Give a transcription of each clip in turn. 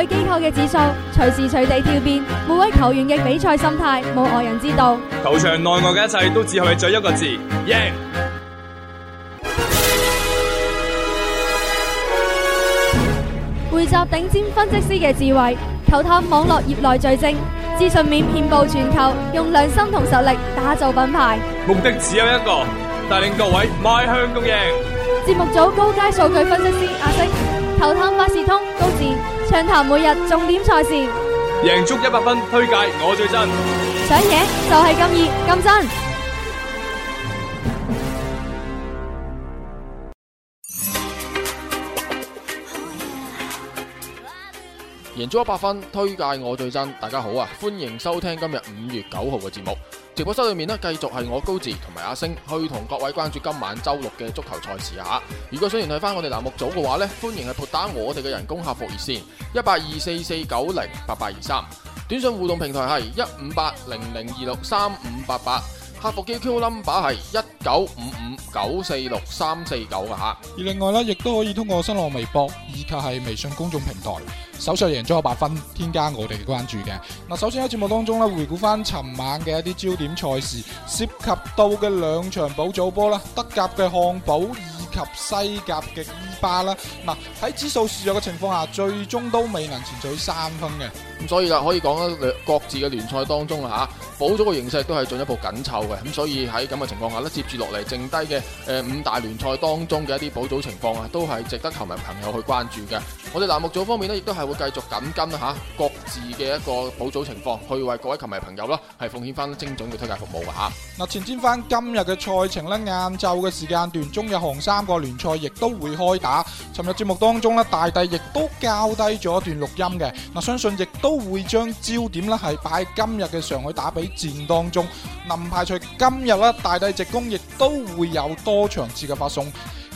對機構嘅指數隨時隨地跳變，每位球員嘅比賽心態，冇外人知道。球場內外嘅一切，都只係在一個字:暢談每日重點賽事，贏足一百分，推介我最真，想贏就係咁易咁真。贏咗一百分，推介我最真。大家好啊，歡迎收聽今日五月九號嘅節目。直播室裏面呢，繼續係我高志同埋阿星去同各位關注今晚周六嘅足球賽事吓。如果想聯繫翻我哋欄目組嘅話呢，歡迎係撥打我哋嘅人工客服熱線一八二四四九零八八二三，短信互動平台係一五八零零二六三五八八。客服 QQ number 係一九五五九四六三四九啊吓，而另外咧亦都可以通過新浪微博以及係微信公眾平台，搜索贏足一百分，添加我哋嘅關注嘅。嗱，首先喺節目當中咧回顧翻尋晚嘅一啲焦點賽事，涉及到嘅兩場補早波啦，德甲嘅漢堡及西甲嘅伊巴啦，嗱、啊、喺指數示弱嘅情況下，最終都未能全取三分嘅，咁所以啦，可以講啦各自嘅聯賽當中啊，吓補組嘅形勢都係進一步緊湊嘅，咁所以喺咁嘅情況下咧，接住落嚟剩低嘅誒五大聯賽當中嘅一啲補組情況啊，都係值得球迷朋友去關注嘅。我哋欄目組方面咧，亦都係會繼續緊跟啊吓，各自嘅一個補組情況，去為各位球迷朋友啦係奉獻翻精準嘅推介服務嘅吓。嗱、啊啊，前瞻翻今日嘅賽程咧，晏晝嘅時間段中有紅衫。三個聯賽亦都會開打。尋日節目當中大帝亦都交低咗一段錄音嘅。嗱，相信亦都會將焦點咧係擺喺今日嘅上海打比戰當中。唔排除今日大帝直攻亦都會有多場次嘅發送。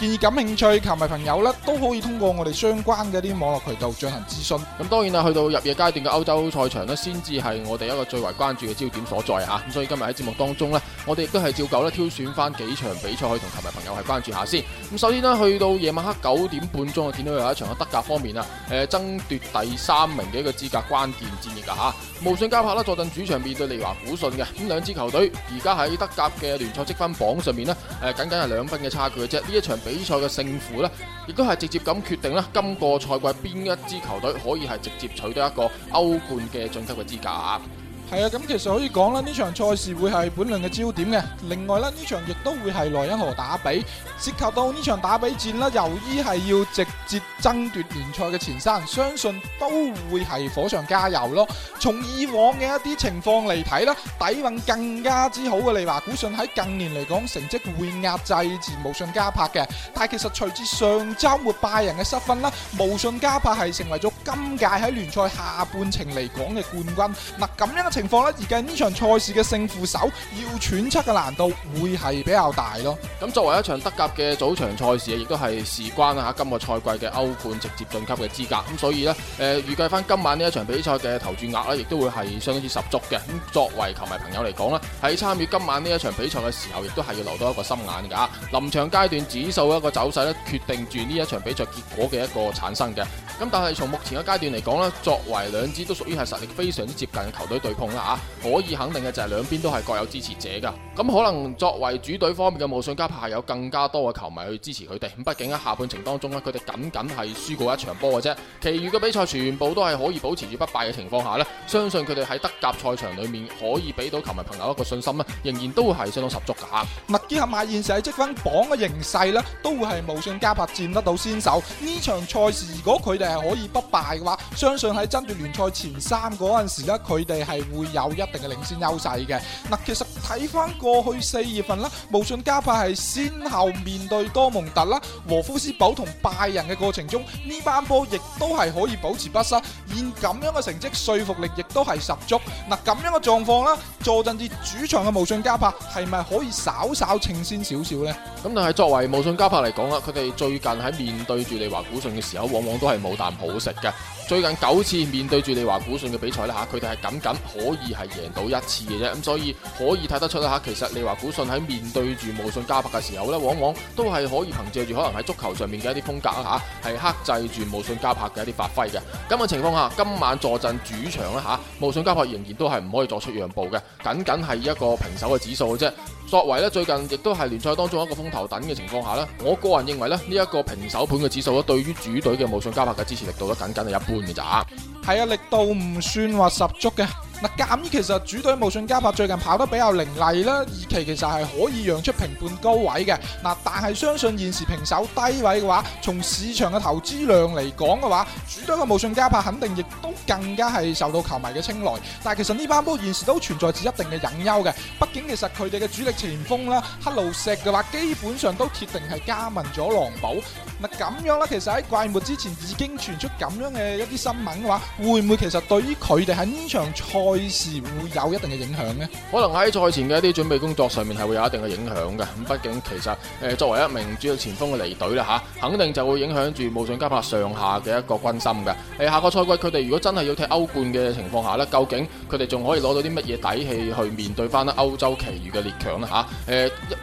建議感興趣球迷朋友咧，都可以通過我哋相關嘅啲網絡渠道進行諮詢。咁當然啦，去到入夜階段嘅歐洲賽場咧，先至係我哋一個最為關注嘅焦點所在吓！咁所以今日喺節目當中咧，我哋亦都係照舊咧挑選翻幾場比賽可以同球迷朋友係關注下先。咁首先咧，去到夜晚黑九點半鐘，啊見到有一場嘅德甲方面啊，誒爭奪第三名嘅一個資格關鍵戰役噶吓。慕遜加柏啦，坐鎮主場面對利華古遜嘅。咁兩支球隊而家喺德甲嘅聯賽積分榜上面咧，誒僅僅係兩分嘅差距嘅啫。呢一場，比賽嘅勝負咧，亦都係直接咁決定咧，今個賽季邊一支球隊可以係直接取得一個歐冠嘅晉級嘅資格啊！係啊，咁其實可以講啦，呢場賽事會係本輪嘅焦點嘅。另外啦，呢場亦都會係萊茵河打比，涉及到呢場打比戰啦，由於係要直接爭奪聯賽嘅前三，相信都會係火上加油咯。從以往嘅一啲情況嚟睇啦，底蘊更加之好嘅利華古遜喺近年嚟講成績會壓制住慕遜加柏嘅。但係其實隨住上周末拜仁嘅失分啦，慕遜加柏係成為咗今屆喺聯賽下半程嚟講嘅冠軍。嗱，咁樣嘅情況咧，而家呢場賽事嘅勝負手要揣測嘅難度會係比較大咯。咁作為一場德甲嘅早場賽事，亦都係事關啊今個賽季嘅歐冠直接晉級嘅資格。咁所以呢，誒、呃，預計翻今晚呢一場比賽嘅投注額呢，亦都會係相當之十足嘅。咁作為球迷朋友嚟講呢，喺參與今晚呢一場比賽嘅時候，亦都係要留多一個心眼噶。臨場階段指數一個走勢咧，決定住呢一場比賽結果嘅一個產生嘅。咁但係從目前嘅階段嚟講呢，作為兩支都屬於係實力非常之接近嘅球隊對抗。吓、啊，可以肯定嘅就係兩邊都係各有支持者噶。咁、嗯、可能作為主隊方面嘅無信加柏，有更加多嘅球迷去支持佢哋。咁畢竟喺、啊、下半程當中咧、啊，佢哋僅僅係輸過一場波嘅啫。其餘嘅比賽全部都係可以保持住不敗嘅情況下呢，相信佢哋喺德甲賽場裏面可以俾到球迷朋友一個信心呢，仍然都係相當十足噶。密基合買現時喺積分榜嘅形勢呢，都會係無信加柏佔得到先手。呢場賽事如果佢哋係可以不敗嘅話，相信喺爭奪聯賽前三嗰陣時咧，佢哋係。會有一定嘅領先優勢嘅。嗱，其實睇返過去四月份啦，慕遜加柏係先後面對多蒙特啦、和夫斯堡同拜仁嘅過程中，呢班波亦都係可以保持不失，現咁樣嘅成績說服力亦都係十足。嗱，咁樣嘅狀況啦，坐陣至主場嘅慕遜加柏係咪可以稍稍稱先少少呢？咁但係作為慕遜加柏嚟講啦，佢哋最近喺面對住利華古遜嘅時候，往往都係冇啖好食嘅。最近九次面對住利華古遜嘅比賽啦吓，佢哋係僅僅。可以係贏到一次嘅啫，咁所以可以睇得出啦。吓，其實你話古信喺面對住無信加柏嘅時候呢，往往都係可以憑借住可能喺足球上面嘅一啲風格啊，吓，係克制住無信加柏嘅一啲發揮嘅。咁嘅情況下，今晚坐鎮主場啦，吓，無信加柏仍然都係唔可以作出讓步嘅，僅僅係一個平手嘅指數嘅啫。作為呢，最近亦都係聯賽當中一個風頭躉嘅情況下呢，我個人認為呢，呢一個平手盤嘅指數咧，對於主隊嘅無信加柏嘅支持力度呢，僅僅係一般嘅咋？係啊，力度唔算話十足嘅。嗱，鑒於其實主隊無信加柏最近跑得比較凌厲啦，二期其，其實係可以讓出平半高位嘅。嗱，但係相信現時平手低位嘅話，從市場嘅投資量嚟講嘅話，主隊嘅無信加柏肯定亦都更加係受到球迷嘅青睞。但係其實呢班波現時都存在住一定嘅隱憂嘅，畢竟其實佢哋嘅主力前鋒啦，黑路石嘅話基本上都鐵定係加盟咗狼堡。嗱，咁樣啦，其實喺季末之前已經傳出咁樣嘅一啲新聞嘅話，會唔會其實對於佢哋喺呢場賽對時會有一定嘅影響呢，可能喺賽前嘅一啲準備工作上面係會有一定嘅影響嘅。咁畢竟其實誒、呃，作為一名主要前鋒嘅離隊啦吓、啊，肯定就會影響住慕遜加柏上下嘅一個軍心嘅。誒、啊，下個賽季佢哋如果真係要踢歐冠嘅情況下咧，究竟佢哋仲可以攞到啲乜嘢底氣去面對翻咧歐洲其餘嘅列強咧吓？誒、啊啊，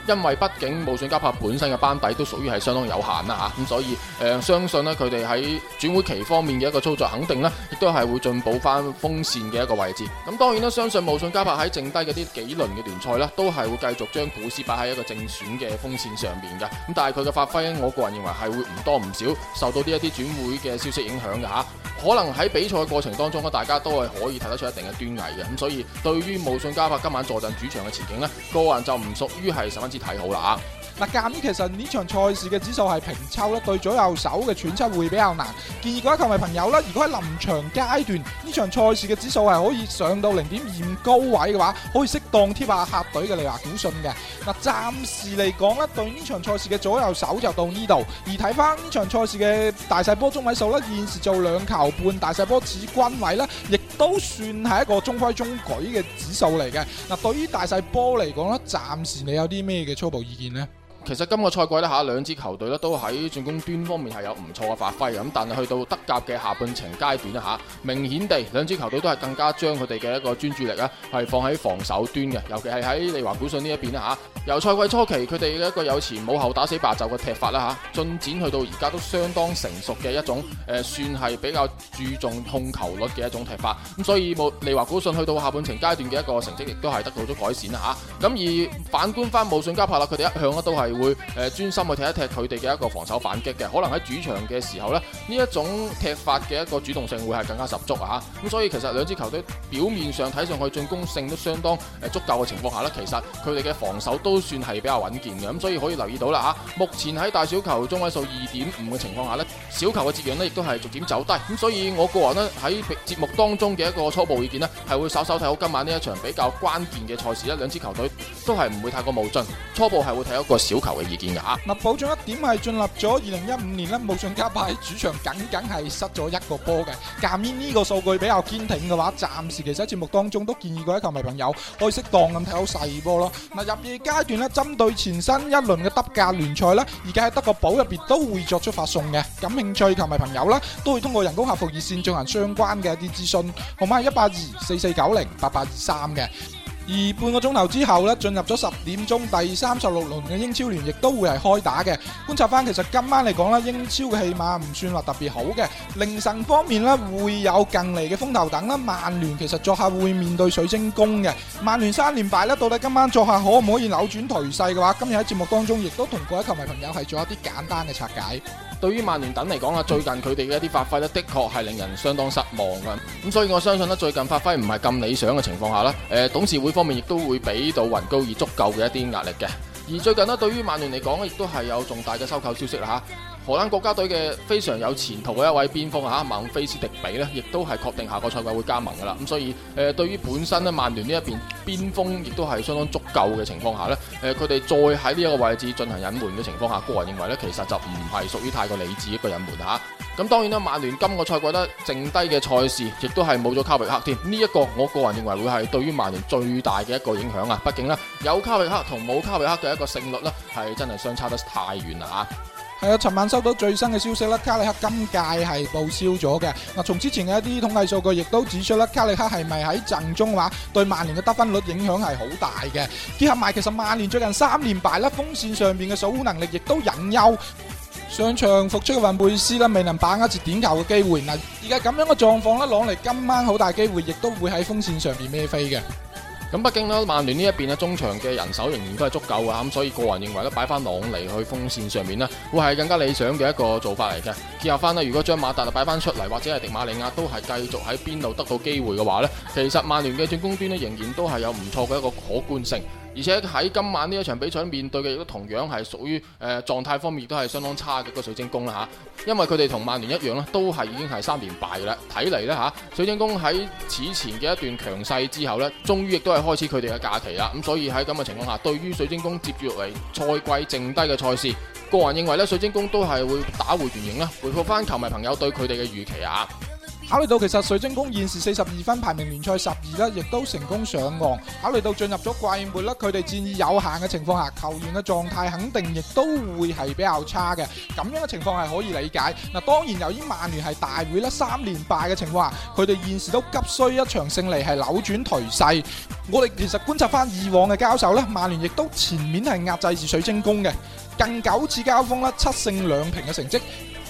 因為畢竟慕遜加柏本身嘅班底都屬於係相當有限啦吓，咁、啊啊、所以誒、呃，相信咧佢哋喺轉會期方面嘅一個操作，肯定呢，亦都係會進步翻鋒線嘅一個位置。咁當然啦，相信無信加柏喺剩低嗰啲幾輪嘅聯賽呢，都係會繼續將股市擺喺一個正選嘅風扇上面嘅。咁但係佢嘅發揮，我個人認為係會唔多唔少受到呢一啲轉會嘅消息影響嘅吓。可能喺比賽過程當中，大家都係可以睇得出一定嘅端倪嘅。咁所以對於無信加柏今晚坐鎮主場嘅前景呢，個人就唔屬於係十分之睇好啦吓。嗱，鑑於其實呢場賽事嘅指數係平抽啦，對左右手嘅揣測會比較難，建議各位球迷朋友啦，如果喺臨場階段呢場賽事嘅指數係可以上到零點二五高位嘅話，可以適當貼下客隊嘅利華古遜嘅。嗱，暫時嚟講呢，對呢場賽事嘅左右手就到呢度。而睇翻呢場賽事嘅大細波中位數呢，現時做兩球半大細波指均位呢，亦都算係一個中規中矩嘅指數嚟嘅。嗱，對於大細波嚟講呢，暫時你有啲咩嘅初步意見呢？其實今個賽季呢吓，兩支球隊咧都喺進攻端方面係有唔錯嘅發揮咁，但係去到德甲嘅下半程階段啦吓，明顯地兩支球隊都係更加將佢哋嘅一個專注力咧係放喺防守端嘅，尤其係喺利華古信呢一邊啦吓。由賽季初期佢哋嘅一個有前冇後打死白就嘅踢法啦吓，進展去到而家都相當成熟嘅一種誒，算係比較注重控球率嘅一種踢法。咁所以冇利華古信去到下半程階段嘅一個成績亦都係得到咗改善啦吓。咁而反觀翻武信加柏啦，佢哋一向咧都係。會誒專心去踢一踢佢哋嘅一個防守反擊嘅，可能喺主場嘅時候呢，呢一種踢法嘅一個主動性會係更加十足啊！咁所以其實兩支球隊表面上睇上去進攻性都相當誒足夠嘅情況下呢，其實佢哋嘅防守都算係比較穩健嘅，咁所以可以留意到啦吓，啊，目前喺大小球中位數二點五嘅情況下呢。小球嘅折讓咧，亦都係逐漸走低，咁，所以我個人咧，喺節目當中嘅一個初步意見咧，係會稍稍睇好今晚呢一場比較關鍵嘅賽事，呢兩支球隊，都係唔會太過冒進。初步係會睇一個小球嘅意見噶嚇。嗱，補充一點，係進入咗二零一五年咧，慕遜加柏主場僅僅係失咗一個波嘅，鑑於呢個數據比較堅挺嘅話，暫時其實喺節目當中都建議各位球迷朋友可以適當咁睇好細波咯。嗱，入夜階段咧，針對前新一輪嘅德甲聯賽咧，而家喺德國堡入邊都會作出發送嘅，咁。興趣、球迷朋友啦，都會通過人工客服熱線進行相關嘅一啲諮詢，號碼係一八二四四九零八八二三嘅。而半個鐘頭之後咧，進入咗十點鐘第三十六輪嘅英超聯亦都會係開打嘅。觀察返，其實今晚嚟講咧，英超嘅戲碼唔算話特別好嘅。凌晨方面咧，會有近嚟嘅風頭等啦。曼聯其實作客會面對水晶宮嘅。曼聯三連敗咧，到底今晚作客可唔可以扭轉頹勢嘅話，今日喺節目當中亦都同各位球迷朋友係做一啲簡單嘅拆解。對於曼聯等嚟講啊，最近佢哋嘅一啲發揮咧，的確係令人相當失望嘅。咁所以我相信咧，最近發揮唔係咁理想嘅情況下咧，誒董事會方面亦都會俾到雲高爾足夠嘅一啲壓力嘅，而最近咧，對於曼聯嚟講咧，亦都係有重大嘅收購消息啦。荷蘭國家隊嘅非常有前途嘅一位邊鋒啊，孟菲斯迪比咧，亦都係確定下個賽季會加盟噶啦。咁所以誒、呃，對於本身咧曼聯呢一邊邊鋒亦都係相當足夠嘅情況下咧，誒佢哋再喺呢一個位置進行隱瞞嘅情況下，個人認為咧，其實就唔係屬於太過理智一個隱瞞嚇。咁當然啦，曼聯今個賽季咧剩低嘅賽事也是沒有卡克，亦都係冇咗卡里克添。呢一個我個人認為會係對於曼聯最大嘅一個影響啊！畢竟呢，有卡里克同冇卡里克嘅一個勝率呢，係真係相差得太遠啦吓，係啊，尋、啊、晚收到最新嘅消息啦，卡里克今屆係報銷咗嘅。嗱、啊，從之前嘅一啲統計數據，亦都指出啦，卡里克係咪喺陣中嘅話，對曼聯嘅得分率影響係好大嘅。結合埋其實曼聯最近三連敗啦，防線上邊嘅守護能力亦都隱憂。上場復出嘅雲貝斯未能把握住點球嘅機會。嗱，而家咁樣嘅狀況，朗尼今晚好大機會，亦都會喺鋒線上面咩飛嘅。咁畢竟曼聯呢聯一邊中場嘅人手仍然都係足夠嘅。咁所以個人認為咧，擺翻朗尼去鋒線上面咧，會係更加理想嘅一個做法嚟嘅。結合翻如果將馬達擺擺翻出嚟，或者係迪馬利亞都係繼續喺邊度得到機會嘅話呢，其實曼聯嘅進攻端呢，仍然都係有唔錯嘅一個可觀性。而且喺今晚呢一場比賽面對嘅亦都同樣係屬於誒、呃、狀態方面都係相當差嘅個水晶宮啦嚇，因為佢哋同曼聯一樣咧，都係已經係三連敗嘅啦。睇嚟呢，嚇，水晶宮喺此前嘅一段強勢之後呢，終於亦都係開始佢哋嘅假期啦。咁所以喺咁嘅情況下，對於水晶宮接住落嚟賽季剩低嘅賽事，個人認為呢，水晶宮都係會打回原形啦，回覆翻球迷朋友對佢哋嘅預期啊。考慮到其實水晶宮現時四十二分，排名聯賽十二呢，亦都成功上岸。考慮到進入咗季末呢，佢哋戰意有限嘅情況下，球員嘅狀態肯定亦都會係比較差嘅。咁樣嘅情況係可以理解。嗱，當然由於曼聯係大敗啦，三連敗嘅情況下，佢哋現時都急需一場勝利係扭轉頹勢。我哋其實觀察翻以往嘅交手呢，曼聯亦都前面係壓制住水晶宮嘅，近九次交鋒咧，七勝兩平嘅成績。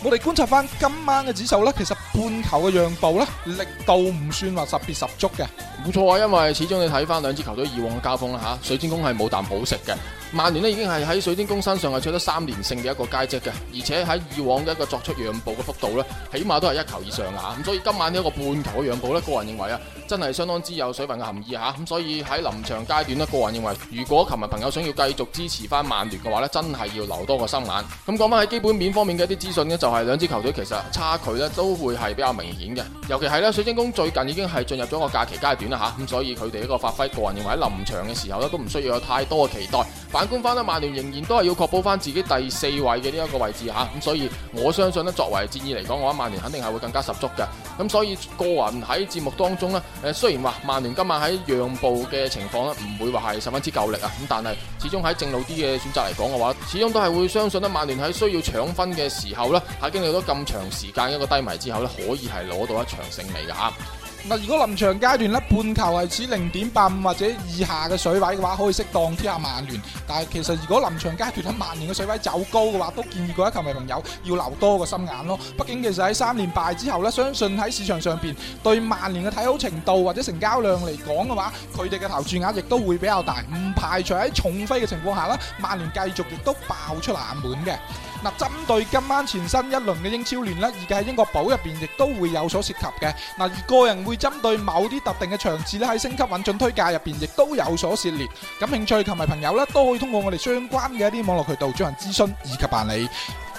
我哋觀察翻今晚嘅指數咧，其實半球嘅讓步咧力度唔算話特別十足嘅。冇錯啊，因為始終你睇翻兩支球隊以往嘅交鋒啦吓，水晶宮係冇啖好食嘅。曼聯咧已經係喺水晶宮身上係取得三連勝嘅一個佳績嘅，而且喺以往嘅一個作出讓步嘅幅度呢，起碼都係一球以上啊！咁所以今晚一個半球嘅讓步呢，個人認為啊，真係相當之有水分嘅含義嚇咁。所以喺臨場階段呢，個人認為，如果球迷朋友想要繼續支持翻曼聯嘅話呢，真係要留多個心眼。咁講翻喺基本面方面嘅一啲資訊呢，就係兩支球隊其實差距呢都會係比較明顯嘅，尤其係呢水晶宮最近已經係進入咗個假期階段啦吓，咁所以佢哋一個發揮，個人認為喺臨場嘅時候呢，都唔需要有太多嘅期待。反觀翻咧，曼聯仍然都係要確保翻自己第四位嘅呢一個位置嚇，咁所以我相信呢作為戰意嚟講，我喺曼聯肯定係會更加十足嘅。咁所以個人喺節目當中呢誒雖然話曼聯今晚喺讓步嘅情況呢唔會話係十分之夠力啊，咁但係始終喺正路啲嘅選擇嚟講嘅話，始終都係會相信呢曼聯喺需要搶分嘅時候呢喺經歷咗咁長時間一個低迷之後呢可以係攞到一場勝利㗎。嗱，如果臨場階段咧，半球係指零點八五或者以下嘅水位嘅話，可以適當踢下曼聯。但係其實如果臨場階段喺曼聯嘅水位走高嘅話，都建議各位球迷朋友要留多個心眼咯。畢竟其實喺三連敗之後咧，相信喺市場上邊對曼聯嘅睇好程度或者成交量嚟講嘅話，佢哋嘅投注額亦都會比較大。唔排除喺重飛嘅情況下啦，曼聯繼續亦都爆出冷門嘅。嗱，針對今晚全新一輪嘅英超聯咧，以及喺英國寶入邊亦都會有所涉及嘅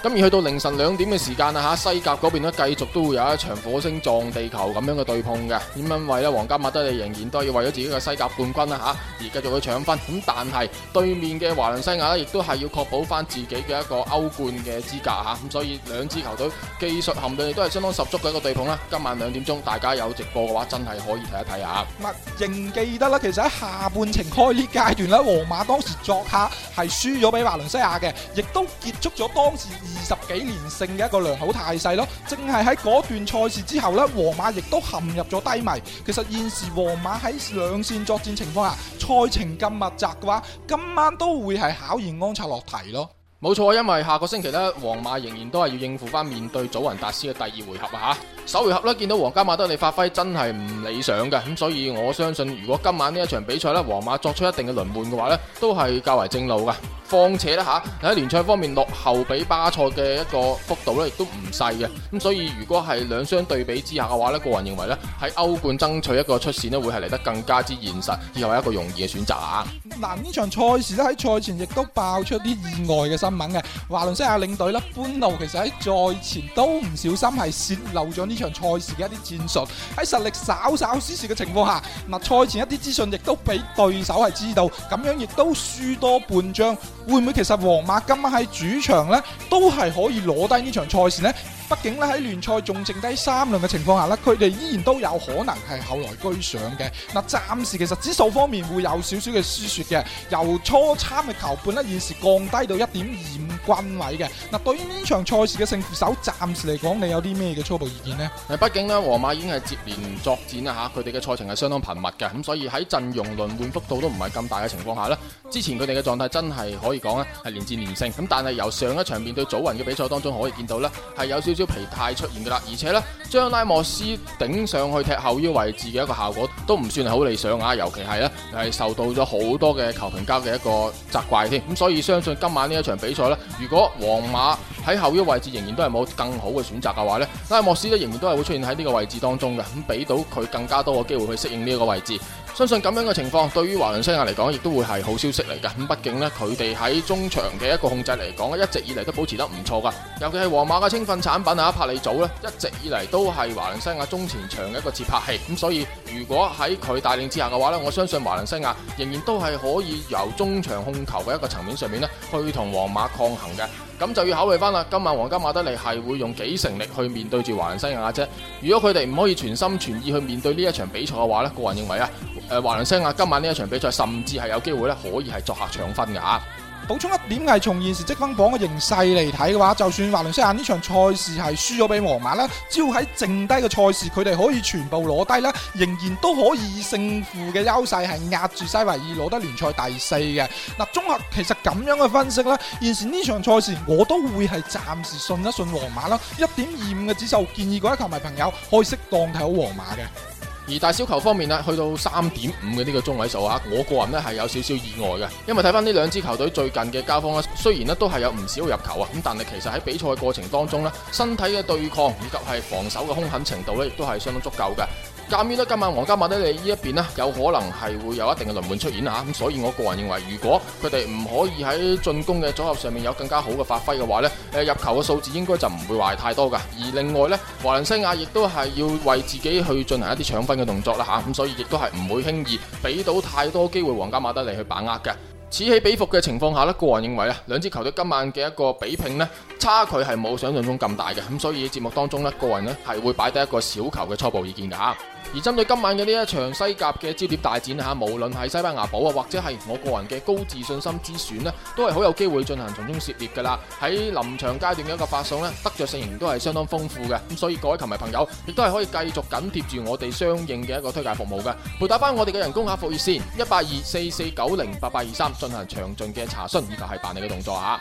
咁而去到凌晨兩點嘅時間啊，吓，西甲嗰邊咧，繼續都會有一場火星撞地球咁樣嘅對碰嘅，因為咧皇家馬德里仍然都係要為咗自己嘅西甲冠軍啦吓，而繼續去搶分。咁但係對面嘅華倫西亞咧，亦都係要確保翻自己嘅一個歐冠嘅資格吓，咁所以兩支球隊技術含量亦都係相當十足嘅一個對碰啦。今晚兩點鐘，大家有直播嘅話，真係可以睇一睇下。唔，仍記得啦，其實喺下半程開呢階段咧，皇馬當時作客係輸咗俾華倫西亞嘅，亦都結束咗當時。二十幾年勝嘅一個良好態勢咯，正係喺嗰段賽事之後呢，皇馬亦都陷入咗低迷。其實現時皇馬喺兩線作戰情況下，賽程咁密集嘅話，今晚都會係考驗安切洛蒂咯。冇錯，因為下個星期呢，皇馬仍然都係要應付翻面對祖雲達斯嘅第二回合啊。首回合呢，見到皇家馬德里發揮真係唔理想嘅，咁所以我相信，如果今晚呢一場比賽呢，皇馬作出一定嘅輪換嘅話呢，都係較為正路嘅。況且呢，嚇，喺聯賽方面落後比巴塞嘅一個幅度呢，亦都唔細嘅。咁所以如果係兩相對比之下嘅話呢，個人認為呢，喺歐冠爭取一個出線呢，會係嚟得更加之現實，而係一個容易嘅選擇啦。嗱，呢場賽事呢，喺賽前亦都爆出啲意外嘅新聞嘅，華倫西亞領隊呢，潘奴其實喺賽前都唔小心係洩漏咗。呢場賽事嘅一啲戰術喺實力稍稍輸蝕嘅情況下，嗱，賽前一啲資訊亦都俾對手係知道，咁樣亦都輸多半張。會唔會其實皇馬今晚喺主場咧，都係可以攞低呢場賽事咧？畢竟咧，喺聯賽仲剩低三輪嘅情況下咧，佢哋依然都有可能係後來居上嘅。嗱，暫時其實指數方面會有少少嘅輸蝕嘅，由初參嘅球半咧現時降低到一點二五。軍位嘅。嗱，對於呢場賽事嘅勝負手，暫時嚟講，你有啲咩嘅初步意見呢？誒，畢竟呢，皇馬已經係接連作戰啦吓，佢哋嘅賽程係相當頻密嘅，咁所以喺陣容輪換幅度都唔係咁大嘅情況下呢，之前佢哋嘅狀態真係可以講呢係連戰連勝，咁但係由上一場面對祖雲嘅比賽當中可以見到呢係有少少疲態出現噶啦，而且呢。將拉莫斯頂上去踢後腰位置嘅一個效果都唔算係好理想啊，尤其係咧係受到咗好多嘅球評家嘅一個責怪添。咁所以相信今晚呢一場比賽咧，如果皇馬喺後腰位置仍然都係冇更好嘅選擇嘅話咧，拉莫斯咧仍然都係會出現喺呢個位置當中嘅，咁俾到佢更加多嘅機會去適應呢一個位置。相信咁樣嘅情況對於華倫西亞嚟講，亦都會係好消息嚟噶。咁畢竟呢，佢哋喺中場嘅一個控制嚟講咧，一直以嚟都保持得唔錯噶。尤其係皇馬嘅青訓產品啊，帕里祖呢，一直以嚟都係華倫西亞中前場嘅一個節拍器。咁所以，如果喺佢帶領之下嘅話呢，我相信華倫西亞仍然都係可以由中場控球嘅一個層面上面呢去同皇馬抗衡嘅。咁就要考慮翻啦，今晚皇家馬德里係會用幾成力去面對住華倫西亞啫。如果佢哋唔可以全心全意去面對呢一場比賽嘅話呢，個人認為啊。誒、呃，華倫西亞，今晚呢一場比賽甚至係有機會咧，可以係作客搶分嘅啊！補充一點係從現時積分榜嘅形勢嚟睇嘅話，就算華倫西亞呢場賽事係輸咗俾皇馬啦，只要喺剩低嘅賽事佢哋可以全部攞低啦，仍然都可以以勝負嘅優勢係壓住西維爾攞得聯賽第四嘅。嗱、啊，綜合其實咁樣嘅分析啦，現時呢場賽事我都會係暫時信一信皇馬啦，一點二五嘅指數建議各位球迷朋友可以適當睇好皇馬嘅。而大小球方面呢，去到三點五嘅呢個中位數啊，我個人呢係有少少意外嘅，因為睇翻呢兩支球隊最近嘅交鋒呢，雖然呢都係有唔少入球啊，咁但係其實喺比賽嘅過程當中呢，身體嘅對抗以及係防守嘅凶狠程度呢，亦都係相當足夠嘅。鑒於咧，今晚皇家馬德里呢一邊呢有可能係會有一定嘅輪換出現嚇，咁所以我個人認為，如果佢哋唔可以喺進攻嘅組合上面有更加好嘅發揮嘅話呢，誒入球嘅數字應該就唔會話太多噶。而另外呢，華倫西亞亦都係要為自己去進行一啲搶分嘅動作啦，嚇，咁所以亦都係唔會輕易俾到太多機會皇家馬德里去把握嘅。此起彼伏嘅情況下呢，個人認為啊，兩支球隊今晚嘅一個比拼呢，差距係冇想象中咁大嘅，咁所以節目當中呢個人呢係會擺低一個小球嘅初步意見噶嚇。而針對今晚嘅呢一場西甲嘅焦點大戰嚇，無論係西班牙堡啊，或者係我個人嘅高自信心之選咧，都係好有機會進行從中涉獵噶啦。喺臨場階段嘅一個發送咧，得着性都係相當豐富嘅。咁所以各位球迷朋友亦都係可以繼續緊貼住我哋相應嘅一個推介服務嘅，撥打翻我哋嘅人工客服熱線一八二四四九零八八二三進行詳盡嘅查詢以及係辦理嘅動作啊。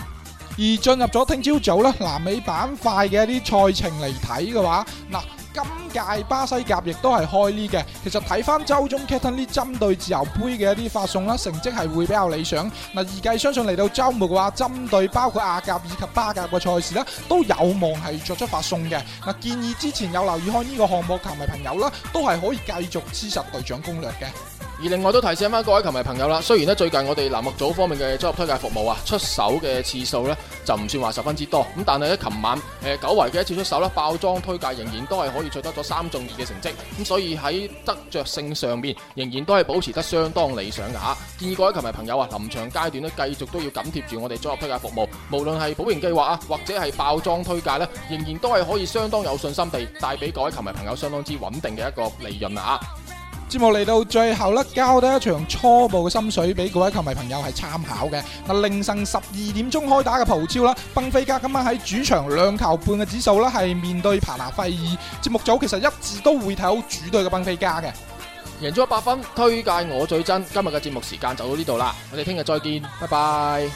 而進入咗聽朝早呢南美板塊嘅一啲賽程嚟睇嘅話，嗱。今屆巴西甲亦都係開呢嘅，其實睇翻周中 c a t a n 呢針對自由杯嘅一啲發送啦，成績係會比較理想。嗱，預計相信嚟到週末嘅話，針對包括亞甲以及巴甲嘅賽事呢，都有望係作出發送嘅。嗱，建議之前有留意開呢個項目球迷朋友啦，都係可以繼續黐實隊長攻略嘅。而另外都提醒翻各位球迷朋友啦，雖然最近我哋欄目組方面嘅綜合推介服務啊出手嘅次數就唔算話十分之多，咁但係喺琴晚誒、呃、久違嘅一次出手啦，爆裝推介仍然都係可以取得咗三中二嘅成績，咁所以喺得着性上面仍然都係保持得相當理想噶吓，建、啊、議各位球迷朋友啊臨場階段咧繼續都要緊貼住我哋綜合推介服務，無論係保盈計劃啊或者係爆裝推介仍然都係可以相當有信心地帶俾各位球迷朋友相當之穩定嘅一個利潤啊！節目嚟到最後啦，交多一場初步嘅心水俾各位球迷朋友係參考嘅。嗱，凌晨十二點鐘開打嘅葡超啦，崩飛家今晚喺主場兩球半嘅指數呢係面對帕納費爾。節目組其實一直都會睇好主隊嘅崩飛家嘅，贏咗八分，推介我最真。今日嘅節目時間就到呢度啦，我哋聽日再見，拜拜。